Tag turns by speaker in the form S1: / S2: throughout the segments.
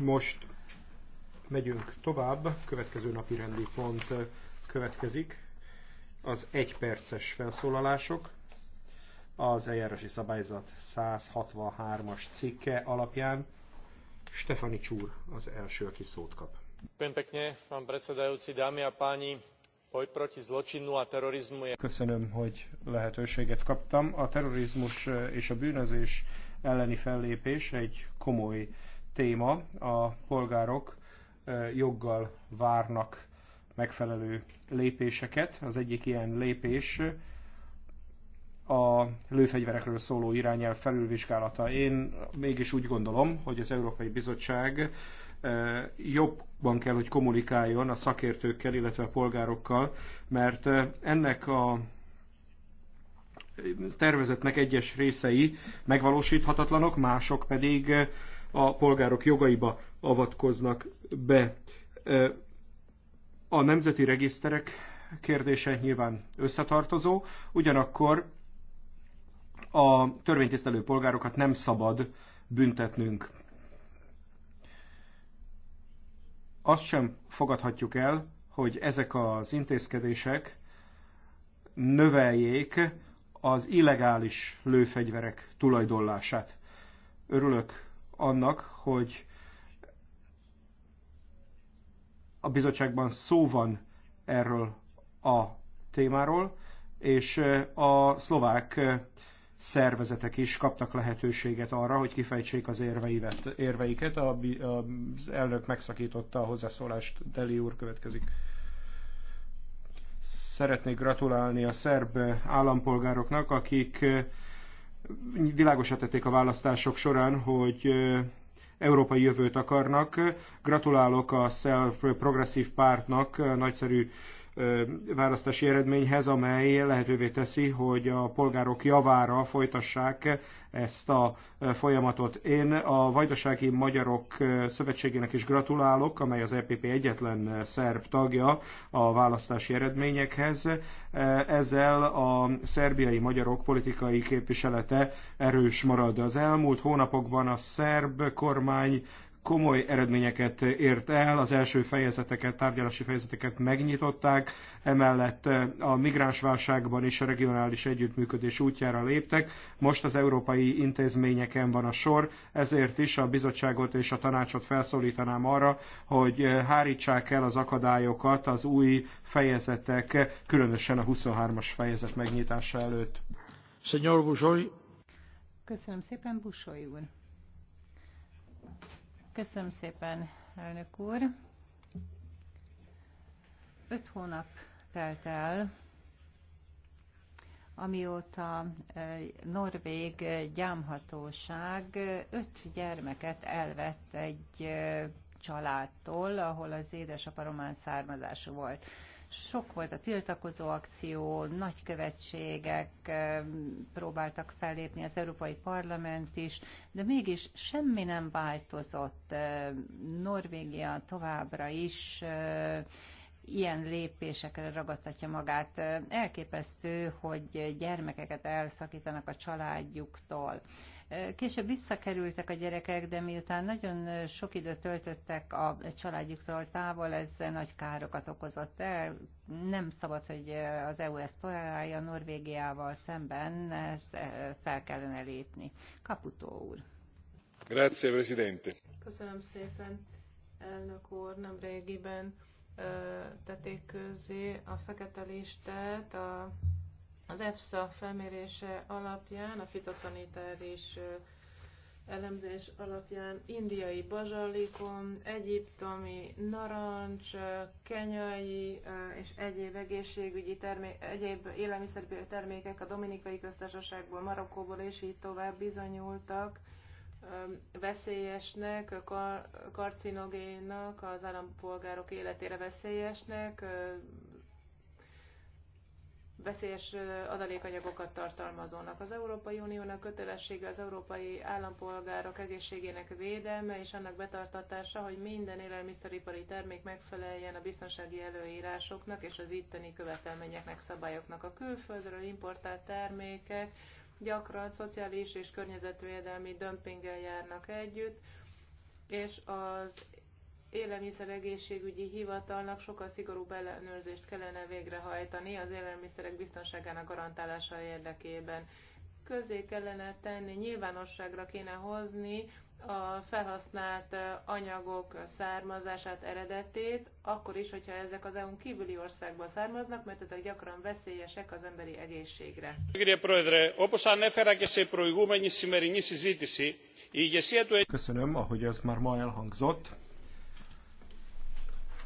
S1: most megyünk tovább, következő napi rendi pont eh, következik, az egyperces felszólalások, az eljárási szabályzat 163-as cikke alapján. Stefani Csúr az első, aki szót kap. Köszönöm, hogy lehetőséget kaptam. A terrorizmus eh, és a bűnözés elleni fellépés egy komoly téma, a polgárok joggal várnak megfelelő lépéseket. Az egyik ilyen lépés a lőfegyverekről szóló irányel felülvizsgálata. Én mégis úgy gondolom, hogy az Európai Bizottság jobban kell, hogy kommunikáljon a szakértőkkel, illetve a polgárokkal, mert ennek a tervezetnek egyes részei megvalósíthatatlanok, mások pedig a polgárok jogaiba avatkoznak be. A nemzeti regiszterek kérdése nyilván összetartozó, ugyanakkor a törvénytisztelő polgárokat nem szabad büntetnünk. Azt sem fogadhatjuk el, hogy ezek az intézkedések növeljék az illegális lőfegyverek tulajdonlását. Örülök annak, hogy a bizottságban szó van erről a témáról, és a szlovák szervezetek is kaptak lehetőséget arra, hogy kifejtsék az érveivet, érveiket. A, az elnök megszakította a hozzászólást, Deli úr következik. Szeretnék gratulálni a szerb állampolgároknak, akik világosat tették a választások során, hogy európai jövőt akarnak. Gratulálok a Self Progressive Pártnak, nagyszerű választási eredményhez, amely lehetővé teszi, hogy a polgárok javára folytassák ezt a folyamatot. Én a Vajdasági Magyarok Szövetségének is gratulálok, amely az EPP egyetlen szerb tagja a választási eredményekhez. Ezzel a szerbiai magyarok politikai képviselete erős marad. Az elmúlt hónapokban a szerb kormány komoly eredményeket ért el, az első fejezeteket, tárgyalási fejezeteket megnyitották, emellett a migránsválságban is a regionális együttműködés útjára léptek, most az európai intézményeken van a sor, ezért is a bizottságot és a tanácsot felszólítanám arra, hogy hárítsák el az akadályokat az új fejezetek, különösen a 23-as fejezet megnyitása előtt.
S2: Köszönöm szépen, Busoy úr. Köszönöm szépen, elnök úr. Öt hónap telt el, amióta Norvég gyámhatóság öt gyermeket elvett egy családtól, ahol az édesapa román származású volt. Sok volt a tiltakozó akció, nagykövetségek próbáltak fellépni, az Európai Parlament is, de mégis semmi nem változott. Norvégia továbbra is ilyen lépésekre ragadtatja magát. Elképesztő, hogy gyermekeket elszakítanak a családjuktól. Később visszakerültek a gyerekek, de miután nagyon sok időt töltöttek a családjuktól távol, ez nagy károkat okozott el. Nem szabad, hogy az EU ezt tolerálja Norvégiával szemben, ezt eh, fel kellene lépni. Kaputó úr.
S3: Grazie, Presidente.
S4: Köszönöm szépen, elnök úr. Nem régiben eh, tették közé a fekete listát a az EFSA felmérése alapján, a fitoszanitáris elemzés alapján indiai bazsalikon, egyiptomi narancs, kenyai és egyéb egészségügyi termék, egyéb élelmiszerbér termékek a Dominikai Köztársaságból, Marokkóból és így tovább bizonyultak veszélyesnek, kar- karcinogénnak, az állampolgárok életére veszélyesnek, veszélyes adalékanyagokat tartalmazónak. Az Európai Uniónak kötelessége az európai állampolgárok egészségének védelme és annak betartatása, hogy minden élelmiszeripari termék megfeleljen a biztonsági előírásoknak és az itteni követelményeknek, szabályoknak. A külföldről importált termékek gyakran szociális és környezetvédelmi dömpinggel járnak együtt, és az élelmiszeregészségügyi hivatalnak sokkal szigorúbb ellenőrzést kellene végrehajtani az élelmiszerek biztonságának garantálása érdekében. Közé kellene tenni, nyilvánosságra kéne hozni a felhasznált anyagok származását, eredetét, akkor is, hogyha ezek az EU-n kívüli országból származnak, mert ezek gyakran veszélyesek az emberi egészségre.
S1: Köszönöm, ahogy az már ma elhangzott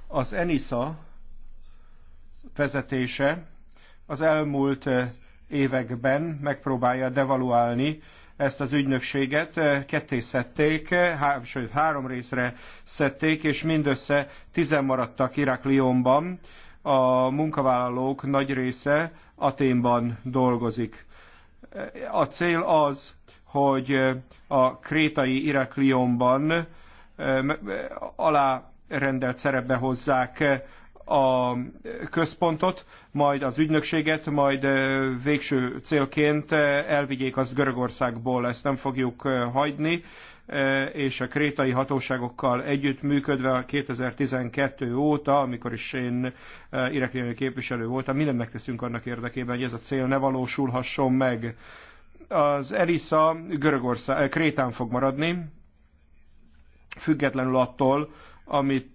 S1: az ENISA vezetése az elmúlt eh, években megpróbálja devaluálni ezt az ügynökséget, eh, ketté szedték, eh, há, sőt három részre szedték, és mindössze tizen maradtak Iraklionban. A munkavállalók nagy része Aténban dolgozik. A cél az, hogy a krétai Iraklionban alá rendelt szerepbe hozzák eh, a központot, majd az ügynökséget, majd eh, végső célként eh, elvigyék azt Görögországból. Ezt nem fogjuk hagyni, és a krétai hatóságokkal együttműködve a 2012 óta, amikor is én ireklénő képviselő voltam, mindent megteszünk annak érdekében, hogy ez a cél ne valósulhasson meg. Az Erisa Görögország, Krétán fog maradni, függetlenül attól, amit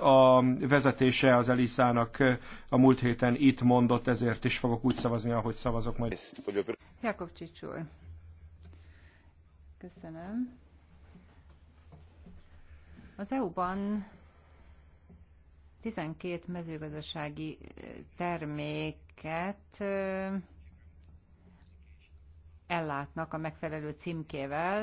S1: a vezetése az Elisának a múlt héten itt mondott, ezért is fogok úgy szavazni, ahogy szavazok majd.
S2: Jakob Csicsúr. Köszönöm. Az EU-ban 12 mezőgazdasági terméket ellátnak a megfelelő címkével,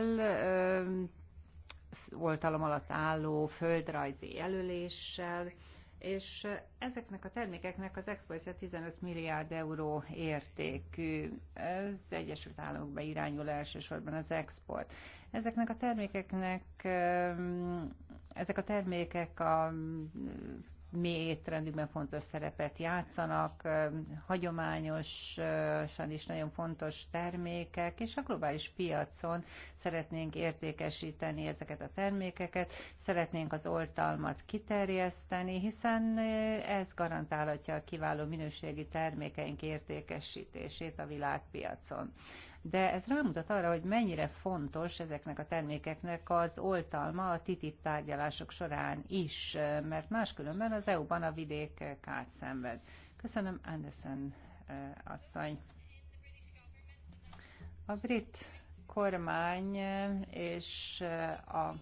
S2: oltalom alatt álló földrajzi jelöléssel, és ezeknek a termékeknek az exportja 15 milliárd euró értékű. Ez Egyesült Államokba irányul elsősorban az export. Ezeknek a termékeknek, ezek a termékek a mi étrendükben fontos szerepet játszanak, hagyományosan is nagyon fontos termékek, és a globális piacon szeretnénk értékesíteni ezeket a termékeket, szeretnénk az oltalmat kiterjeszteni, hiszen ez garantálhatja a kiváló minőségi termékeink értékesítését a világpiacon de ez rámutat arra, hogy mennyire fontos ezeknek a termékeknek az oltalma a TTIP tárgyalások során is, mert máskülönben az EU-ban a vidék kárt szenved. Köszönöm, Anderson eh, asszony. A brit kormány eh, és eh, a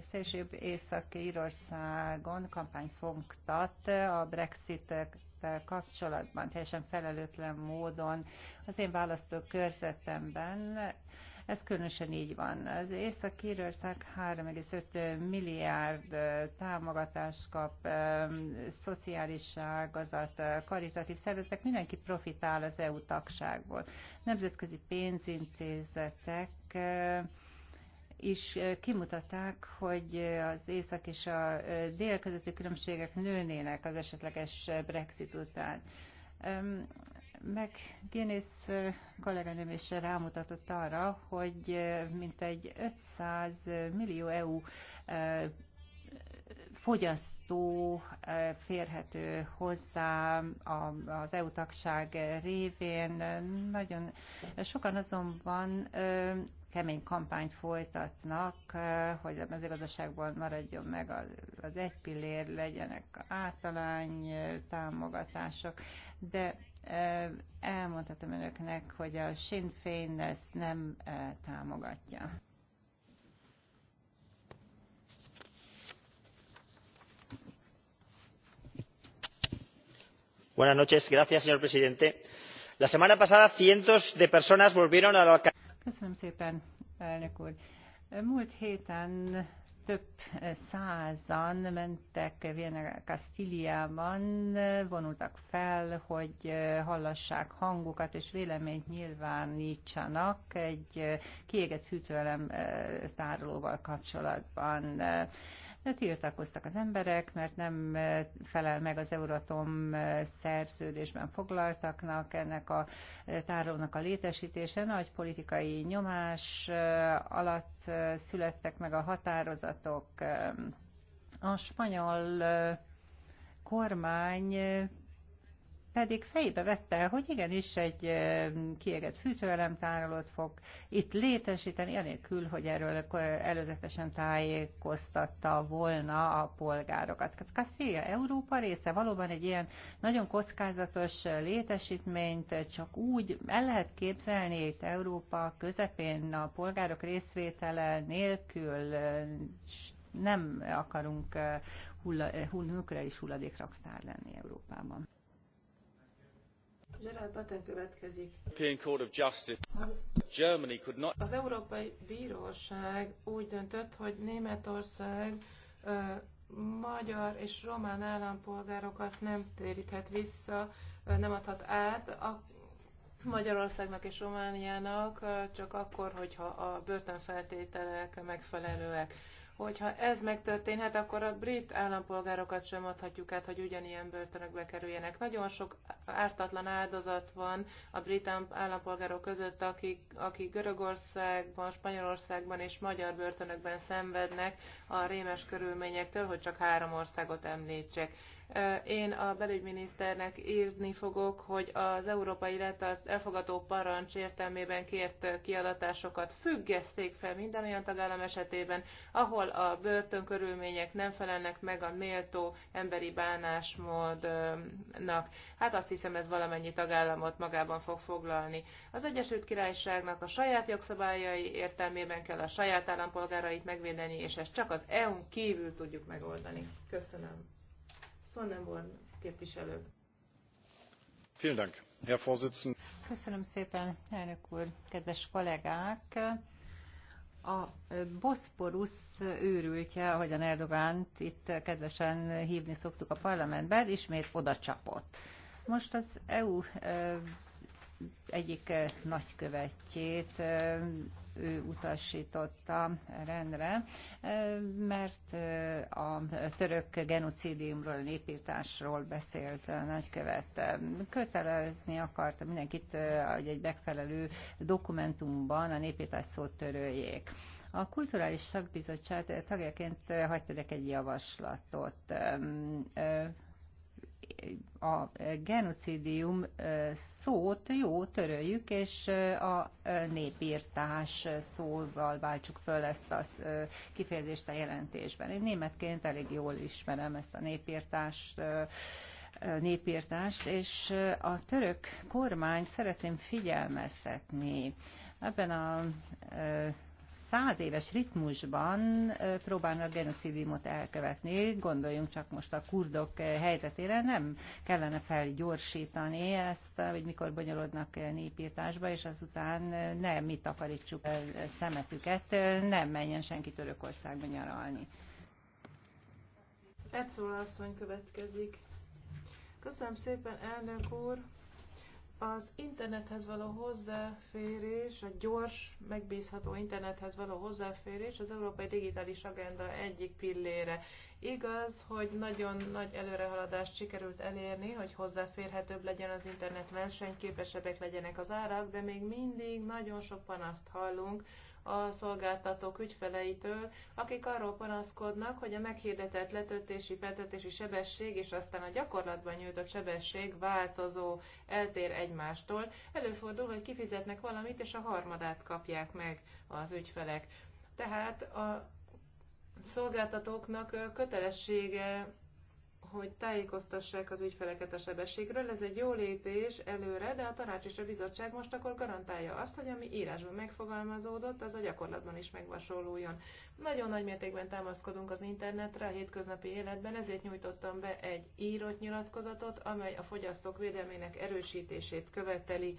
S2: szélsőbb Észak-Írországon kampány fogtat a brexit kapcsolatban, teljesen felelőtlen módon. Az én választókörzetemben ez különösen így van. Az Észak-Írország 3,5 milliárd támogatást kap, szociális ágazat, karitatív szervezetek, mindenki profitál az EU tagságból. Nemzetközi pénzintézetek is kimutatták, hogy az észak és a dél közötti különbségek nőnének az esetleges Brexit után. Meg Guinness kolléganőm is rámutatott arra, hogy mintegy 500 millió EU fogyaszt fogyasztó eh, férhető hozzá az EU tagság révén. Nagyon sokan azonban kemény kampányt folytatnak, hogy a mezőgazdaságban maradjon meg az, az egy pillér, legyenek általány támogatások, de elmondhatom önöknek, hogy a Sinn Féin ezt nem támogatja. señor presidente la semana pasada cientos de personas volvieron a la. köszönöm szépen múlt héten több százan mentek Vienna Kastíliában, vonultak fel, hogy hallassák hangukat és véleményt nyilvánítsanak egy kiégett fűtőelem eh, tárolóval kapcsolatban de tiltakoztak az emberek, mert nem eh, felel meg az Euratom eh, szerződésben foglaltaknak ennek a eh, tárolónak a létesítése. Nagy politikai nyomás alatt születtek meg a határozatok. A spanyol kormány pedig fejbe vette, hogy igenis egy kiégett tárolót fog itt létesíteni, anélkül, hogy erről előzetesen tájékoztatta volna a polgárokat. kasszia Európa része valóban egy ilyen nagyon kockázatos létesítményt csak úgy el lehet képzelni itt Európa közepén a polgárok részvétele nélkül nem akarunk hulla, hull, nukleáris hulladékraktár lenni Európában.
S1: Az
S4: Európai Bíróság úgy döntött, hogy Németország magyar és román állampolgárokat nem téríthet vissza, nem adhat át a Magyarországnak és Romániának csak akkor, hogyha a börtönfeltételek megfelelőek hogyha ez megtörténhet, akkor a brit állampolgárokat sem adhatjuk át, hogy ugyanilyen börtönökbe kerüljenek. Nagyon sok ártatlan áldozat van a brit állampolgárok között, akik, akik Görögországban, Spanyolországban és magyar börtönökben szenvednek a rémes körülményektől, hogy csak három országot említsek. Én a belügyminiszternek írni fogok, hogy az európai elfogadó parancs értelmében kért kiadatásokat függeszték fel minden olyan tagállam esetében, ahol a börtönkörülmények nem felelnek meg a méltó emberi bánásmódnak. Hát azt hiszem, ez valamennyi tagállamot magában fog foglalni. Az Egyesült Királyságnak a saját jogszabályai értelmében kell a saját állampolgárait megvédeni, és ezt csak az EU-n kívül tudjuk megoldani. Köszönöm.
S2: Köszönöm szépen, elnök úr, kedves kollégák! A Boszporusz őrültje, ahogyan Erdogánt itt kedvesen hívni szoktuk a parlamentben, ismét oda csapott. Most az EU egyik eh, nagykövetjét eh, ő utasította rendre, eh, mert a török genocidiumról, népírtásról beszélt a nagykövet. Kötelezni akarta mindenkit, hogy egy megfelelő dokumentumban a népírtás szót töröljék. A Kulturális Szakbizottság tagjaként hagytad egy javaslatot a genocidium szót jó, töröljük, és a népírtás szóval váltsuk föl ezt a kifejezést a jelentésben. Én németként elég jól ismerem ezt a népírtást, népírtást, és a török kormány szeretném figyelmeztetni ebben a száz éves ritmusban próbálnak genocidiumot elkövetni. Gondoljunk csak most a kurdok helyzetére, nem kellene felgyorsítani ezt, hogy mikor bonyolodnak népírtásba, és azután nem mi takarítsuk szemetüket, nem menjen senki Törökországba nyaralni.
S4: Etszóla asszony következik. Köszönöm szépen, elnök úr! Az internethez való hozzáférés, a gyors, megbízható internethez való hozzáférés az Európai Digitális Agenda egyik pillére. Igaz, hogy nagyon nagy előrehaladást sikerült elérni, hogy hozzáférhetőbb legyen az internet, versenyképesebbek legyenek az árak, de még mindig nagyon sok panaszt hallunk, a szolgáltatók ügyfeleitől, akik arról panaszkodnak, hogy a meghirdetett letöltési, feltöltési sebesség és aztán a gyakorlatban nyújtott sebesség változó, eltér egymástól. Előfordul, hogy kifizetnek valamit, és a harmadát kapják meg az ügyfelek. Tehát a szolgáltatóknak kötelessége hogy tájékoztassák az ügyfeleket a sebességről. Ez egy jó lépés előre, de a tanács és a bizottság most akkor garantálja azt, hogy ami írásban megfogalmazódott, az a gyakorlatban is megvasoluljon. Nagyon nagy mértékben támaszkodunk az internetre a hétköznapi életben, ezért nyújtottam be egy írott nyilatkozatot, amely a fogyasztók védelmének erősítését követeli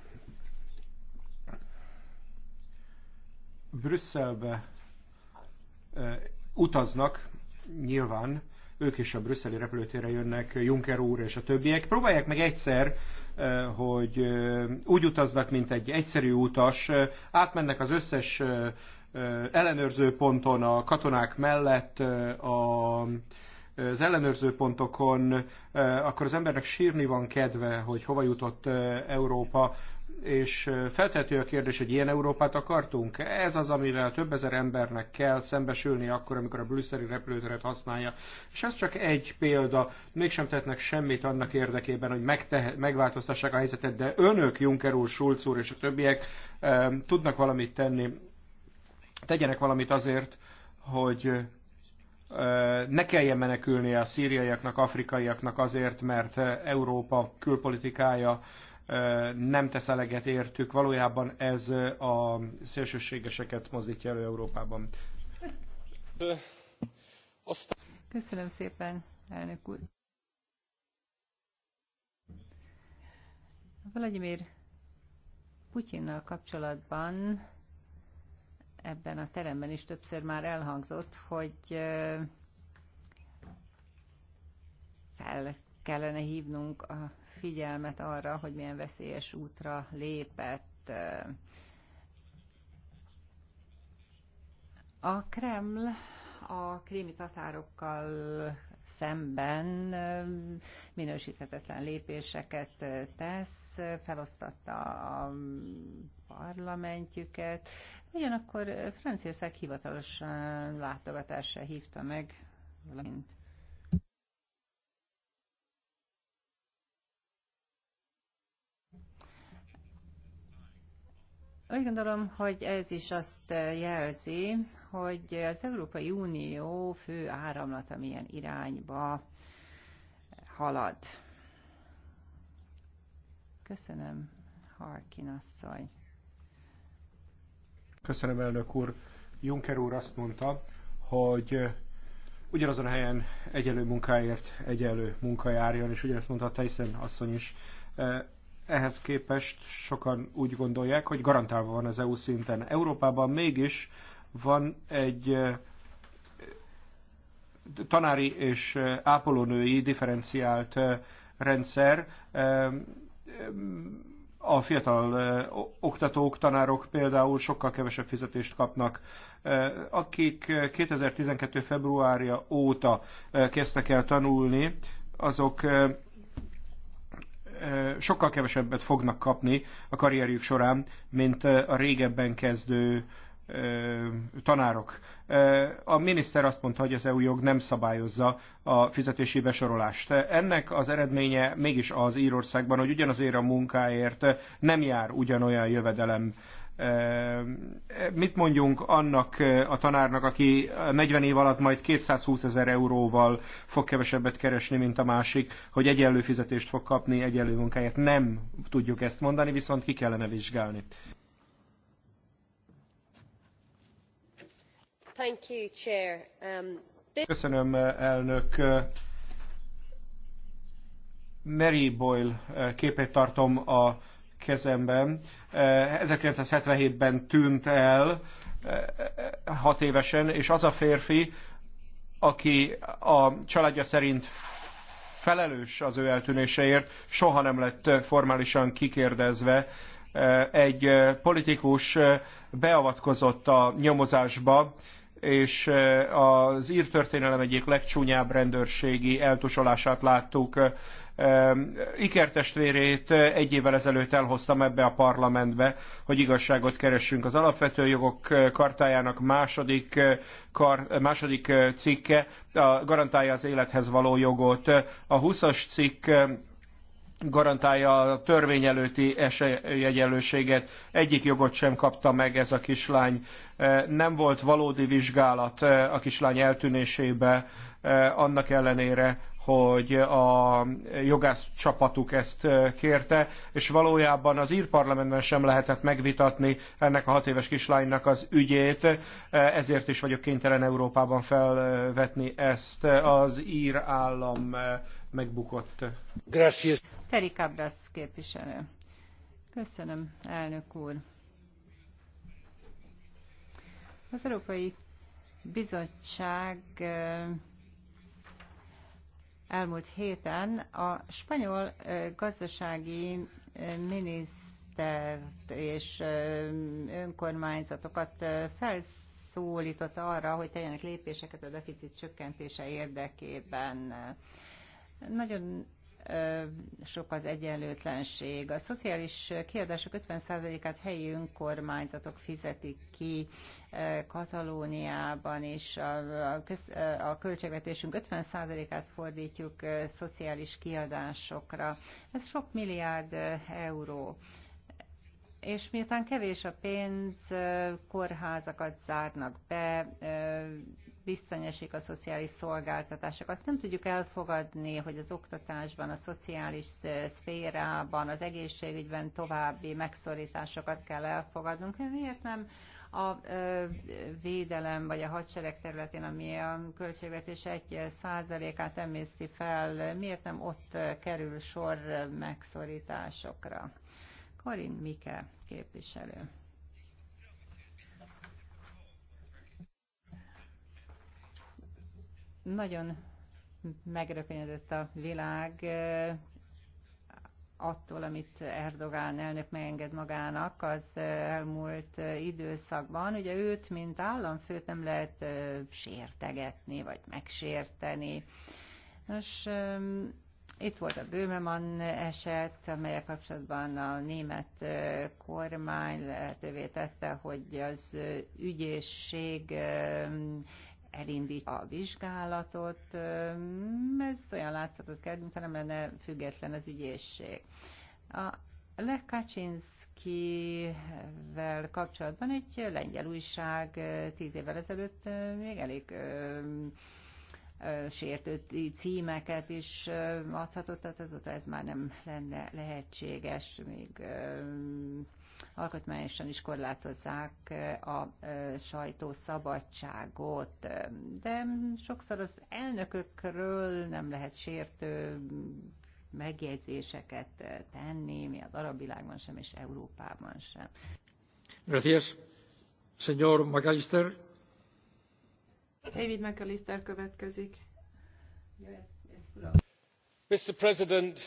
S1: Brüsszelbe utaznak, nyilván ők is a brüsszeli repülőtérre jönnek, Juncker úr és a többiek. Próbálják meg egyszer, hogy úgy utaznak, mint egy egyszerű utas, átmennek az összes ellenőrző ponton a katonák mellett, a, az ellenőrző pontokon, akkor az embernek sírni van kedve, hogy hova jutott Európa és feltehető a kérdés, hogy ilyen Európát akartunk? Ez az, amivel több ezer embernek kell szembesülni akkor, amikor a brüsszeli repülőteret használja. És ez csak egy példa. Mégsem tettnek semmit annak érdekében, hogy megtehe- megváltoztassák a helyzetet, de önök, Juncker úr, Schulz úr és a többiek tudnak valamit tenni. Tegyenek valamit azért, hogy ne kelljen menekülnie a szíriaiaknak, afrikaiaknak azért, mert Európa külpolitikája nem tesz eleget értük. Valójában ez a szélsőségeseket mozdítja elő Európában.
S2: Köszönöm szépen, elnök úr. Vladimir Putyinnal kapcsolatban ebben a teremben is többször már elhangzott, hogy fel kellene hívnunk a figyelmet arra, hogy milyen veszélyes útra lépett. A Kreml a krémi tatárokkal szemben minősíthetetlen lépéseket tesz, felosztatta a parlamentjüket. Ugyanakkor Franciaország hivatalos látogatásra hívta meg, valamint Úgy gondolom, hogy ez is azt jelzi, hogy az Európai Unió fő áramlata milyen irányba halad. Köszönöm, Harkin asszony.
S1: Köszönöm, elnök úr. Juncker úr azt mondta, hogy ugyanazon a helyen egyelő munkáért egyelő munka járjon, és ugyanezt mondta Tyson asszony is. Ehhez képest sokan úgy gondolják, hogy garantálva van az EU szinten. Európában mégis van egy tanári és ápolónői differenciált rendszer. A fiatal oktatók, tanárok például sokkal kevesebb fizetést kapnak, akik 2012. februárja óta kezdtek el tanulni, azok sokkal kevesebbet fognak kapni a karrierjük során, mint a régebben kezdő tanárok. A miniszter azt mondta, hogy az EU jog nem szabályozza a fizetési besorolást. Ennek az eredménye mégis az Írországban, hogy ugyanazért a munkáért nem jár ugyanolyan jövedelem. Mit mondjunk annak a tanárnak, aki 40 év alatt majd 220 ezer euróval fog kevesebbet keresni, mint a másik, hogy egyenlő fizetést fog kapni, egyenlő munkáját? Nem tudjuk ezt mondani, viszont ki kellene vizsgálni.
S2: Um,
S1: Köszönöm, elnök. Mary Boyle képét tartom a kezemben. 1977-ben eh, tűnt el eh, hat évesen, és az a férfi, aki a családja szerint felelős az ő eltűnéseért, soha nem lett formálisan kikérdezve. Eh, egy politikus beavatkozott a nyomozásba, és eh, az történelem egyik legcsúnyább rendőrségi eltusolását láttuk. Eh, Ikertestvérét eh, egy évvel ezelőtt elhoztam ebbe a parlamentbe, hogy igazságot keressünk. Az alapvető jogok kartájának második, kar, második cikke garantálja az élethez való jogot. A 20-as cikk garantálja a törvény előtti esélyegyenlőséget. Egyik jogot sem kapta meg ez a kislány. E, nem volt valódi vizsgálat e, a kislány eltűnésébe, e, annak ellenére, hogy a jogász csapatuk ezt kérte, és valójában az ír sem lehetett megvitatni ennek a hat éves kislánynak az ügyét, ezért is vagyok kénytelen Európában felvetni ezt az ír állam megbukott.
S3: Gracias.
S2: Teri Cabras képviselő. Köszönöm, elnök úr. Az Európai Bizottság elmúlt héten a spanyol gazdasági minisztert és önkormányzatokat felszólította arra, hogy tegyenek lépéseket a deficit csökkentése érdekében. Nagyon sok az egyenlőtlenség. A szociális kiadások 50%-át helyi önkormányzatok fizetik ki Katalóniában, és a, a, köz, a költségvetésünk 50%-át fordítjuk szociális kiadásokra. Ez sok milliárd euró. És miután kevés a pénz, kórházakat zárnak be, visszanyesik a szociális szolgáltatásokat. Nem tudjuk elfogadni, hogy az oktatásban, a szociális eh, szférában, az egészségügyben további megszorításokat kell elfogadnunk. Miért nem a eh, védelem vagy a hadsereg területén, ami a költségvetés egy eh, százalékát emészti fel, miért nem ott kerül sor megszorításokra? Karin Mike képviselő. Nagyon megrökönyödött a világ attól, amit Erdogán elnök megenged magának az elmúlt időszakban. Ugye őt, mint államfőt nem lehet sértegetni, vagy megsérteni. Nos, itt volt a Böhmemann eset, amelyek kapcsolatban a német kormány lehetővé tette, hogy az ügyészség elindít a vizsgálatot. Ez olyan látszatot kell, mintha nem lenne független az ügyészség. A Lech Kaczynszkivel kapcsolatban egy lengyel újság tíz évvel ezelőtt még elég sértő címeket is adhatott, tehát azóta ez már nem lenne lehetséges, még alkotmányosan is korlátozzák a sajtószabadságot, szabadságot, de sokszor az elnökökről nem lehet sértő megjegyzéseket tenni, mi az arab világban sem, és Európában sem.
S1: Gracias. Señor McAllister.
S4: David McAllister következik.
S1: Mr. President,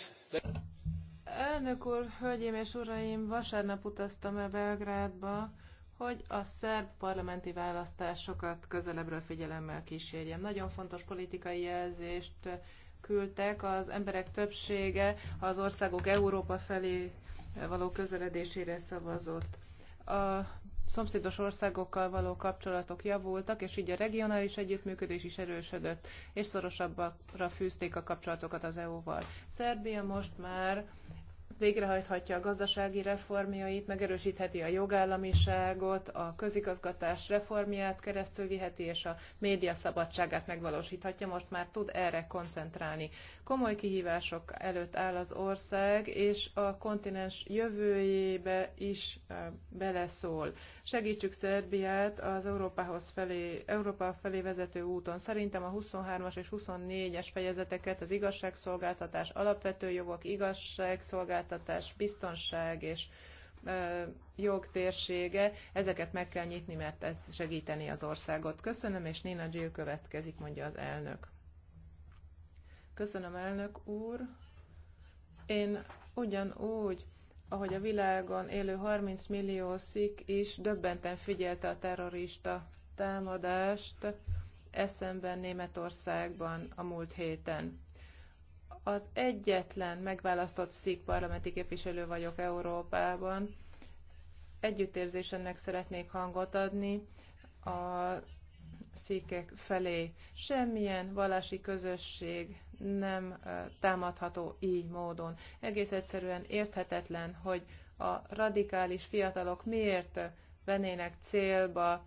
S4: Elnök úr, hölgyeim és uraim, vasárnap utaztam el Belgrádba, hogy a szerb parlamenti választásokat közelebbről figyelemmel kísérjem. Nagyon fontos politikai jelzést küldtek, az emberek többsége az országok Európa felé való közeledésére szavazott. A szomszédos országokkal való kapcsolatok javultak, és így a regionális együttműködés is erősödött, és szorosabbra fűzték a kapcsolatokat az EU-val. Szerbia most már végrehajthatja a gazdasági reformjait, megerősítheti a jogállamiságot, a közigazgatás reformját keresztül viheti, és a média szabadságát megvalósíthatja. Most már tud erre koncentrálni. Komoly kihívások előtt áll az ország, és a kontinens jövőjébe is beleszól. Segítsük Szerbiát az Európához felé, Európa felé vezető úton. Szerintem a 23-as és 24-es fejezeteket az igazságszolgáltatás alapvető jogok, igazságszolgáltatás, szolgáltatás, biztonság és jogtérsége, ezeket meg kell nyitni, mert ez segíteni az országot. Köszönöm, és Nina Gill következik, mondja az elnök. Köszönöm, elnök úr. Én ugyanúgy, ahogy a világon élő 30 millió szik is döbbenten figyelte a terrorista támadást eszemben Németországban a múlt héten az egyetlen megválasztott szik parlamenti képviselő vagyok Európában. Együttérzésemnek szeretnék hangot adni a szikek felé. Semmilyen valási közösség nem támadható így módon. Egész egyszerűen érthetetlen, hogy a radikális fiatalok miért vennének célba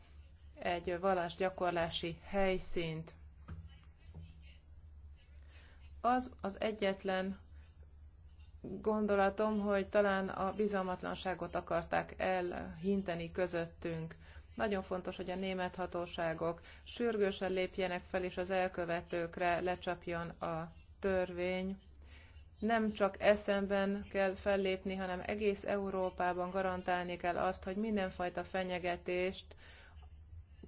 S4: egy vallásgyakorlási helyszínt az az egyetlen gondolatom, hogy talán a bizalmatlanságot akarták elhinteni közöttünk. Nagyon fontos, hogy a német hatóságok sürgősen lépjenek fel, és az elkövetőkre lecsapjon a törvény. Nem csak eszemben kell fellépni, hanem egész Európában garantálni kell azt, hogy mindenfajta fenyegetést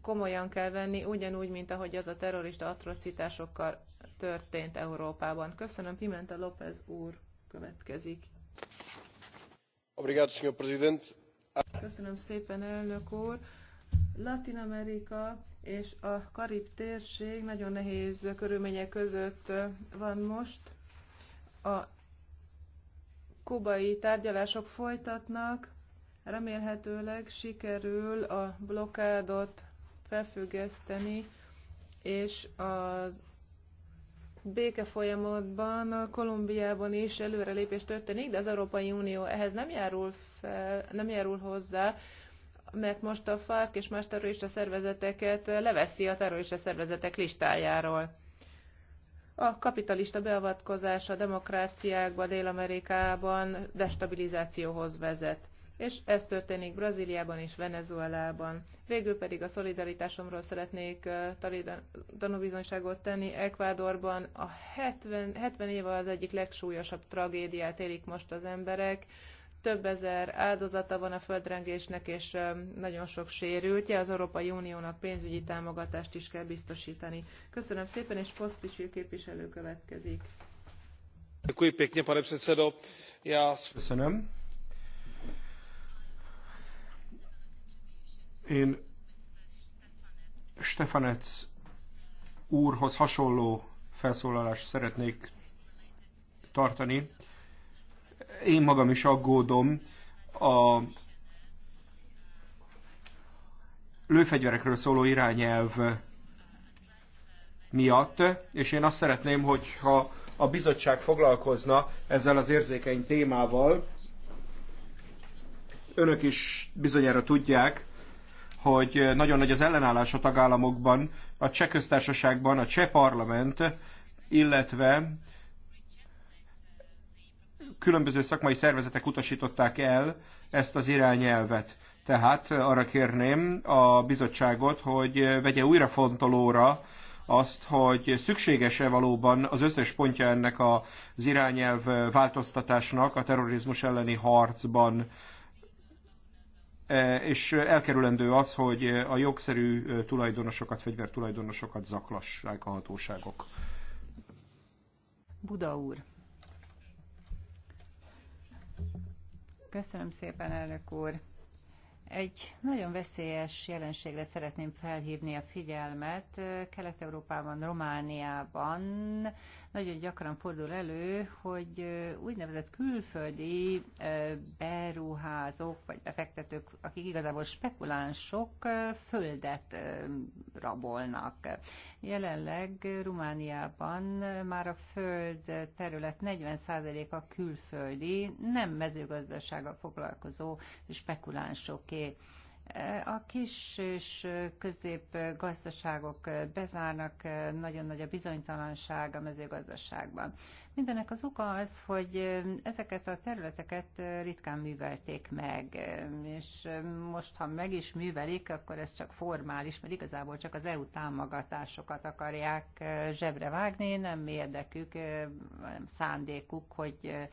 S4: komolyan kell venni, ugyanúgy, mint ahogy az a terrorista atrocitásokkal történt Európában. Köszönöm, Pimenta López úr következik.
S1: Obrigado, senhor president.
S4: Köszönöm szépen, elnök úr. Latin Amerika és a Karib térség nagyon nehéz körülmények között van most. A kubai tárgyalások folytatnak, remélhetőleg sikerül a blokádot felfüggeszteni, és az béke folyamatban Kolumbiában is előrelépés történik, de az Európai Unió ehhez nem járul, fel, nem járul hozzá, mert most a FARC és más terrorista szervezeteket leveszi a terrorista szervezetek listájáról. A kapitalista beavatkozás a demokráciákban Dél-Amerikában destabilizációhoz vezet és ez történik Brazíliában és Venezuelában. Végül pedig a szolidaritásomról szeretnék tanúbizonyságot tenni. Ekvádorban a 70, 70 éve az egyik legsúlyosabb tragédiát élik most az emberek. Több ezer áldozata van a földrengésnek, és nagyon sok sérültje. Az Európai Uniónak pénzügyi támogatást is kell biztosítani. Köszönöm szépen, és Foszpicsi képviselő következik.
S1: Köszönöm Én Stefanec úrhoz hasonló felszólalást szeretnék tartani. Én magam is aggódom a lőfegyverekről szóló irányelv miatt, és én azt szeretném, hogyha a bizottság foglalkozna ezzel az érzékeny témával. Önök is bizonyára tudják, hogy nagyon nagy az ellenállás a tagállamokban, a cseh köztársaságban, a cseh parlament, illetve különböző szakmai szervezetek utasították el ezt az irányelvet. Tehát arra kérném a bizottságot, hogy vegye újra fontolóra azt, hogy szükséges-e valóban az összes pontja ennek az irányelv változtatásnak a terrorizmus elleni harcban E, és elkerülendő az, hogy a jogszerű e, tulajdonosokat, fegyvertulajdonosokat zaklassák a hatóságok.
S2: Buda úr. Köszönöm szépen, elnök úr. Egy nagyon veszélyes jelenségre szeretném felhívni a figyelmet. Kelet-Európában, Romániában nagyon gyakran fordul elő, hogy úgynevezett külföldi beruházók vagy befektetők, akik igazából spekulánsok, földet rabolnak. Jelenleg Romániában már a föld terület 40%-a külföldi, nem mezőgazdasággal foglalkozó spekulánsoké. A kis és közép gazdaságok bezárnak, nagyon nagy a bizonytalanság a mezőgazdaságban. Mindenek az oka az, hogy ezeket a területeket ritkán művelték meg, és most, ha meg is művelik, akkor ez csak formális, mert igazából csak az EU támogatásokat akarják zsebre vágni, nem érdekük, nem szándékuk, hogy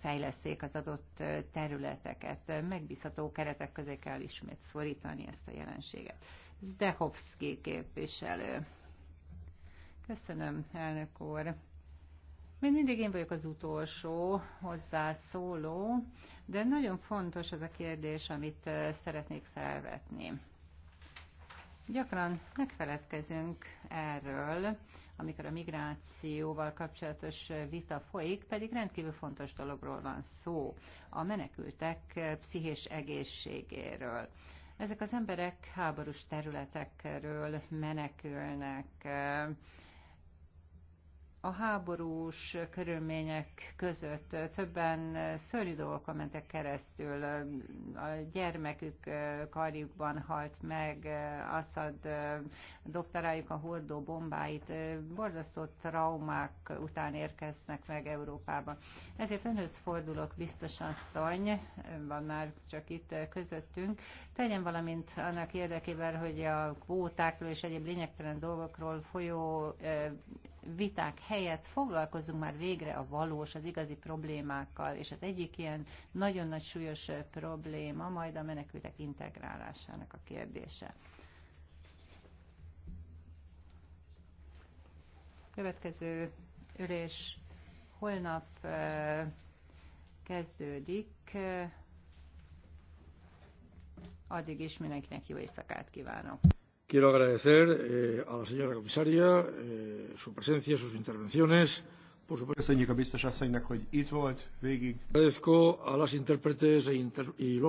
S2: fejleszék az adott területeket. Megbízható keretek közé kell ismét szorítani ezt a jelenséget. Zdehovszki képviselő. Köszönöm, elnök úr. Még mindig én vagyok az utolsó hozzászóló, de nagyon fontos az a kérdés, amit szeretnék felvetni. Gyakran megfeledkezünk erről, amikor a migrációval kapcsolatos vita folyik, pedig rendkívül fontos dologról van szó, a menekültek pszichés egészségéről. Ezek az emberek háborús területekről menekülnek, a háborús körülmények között többen szörnyű dolgokon mentek keresztül. A gyermekük karjukban halt meg, Assad dobta rájuk a hordó bombáit, borzasztó traumák után érkeznek meg Európába. Ezért önhöz fordulok, biztos asszony, van már csak itt közöttünk, tegyen valamint annak érdekében, hogy a kvótákról és egyéb lényegtelen dolgokról folyó viták helyett foglalkozunk már végre a valós, az igazi problémákkal, és az egyik ilyen nagyon nagy súlyos probléma majd a menekültek integrálásának a kérdése. Következő ülés holnap kezdődik. Addig is mindenkinek jó éjszakát kívánok!
S1: Quiero agradecer eh, a la señora comisaria eh, su presencia, sus intervenciones. Por supuesto. Köszönjük a biztos asszonynak, hogy itt volt végig. Agradezco a las intérpretes e inter... y los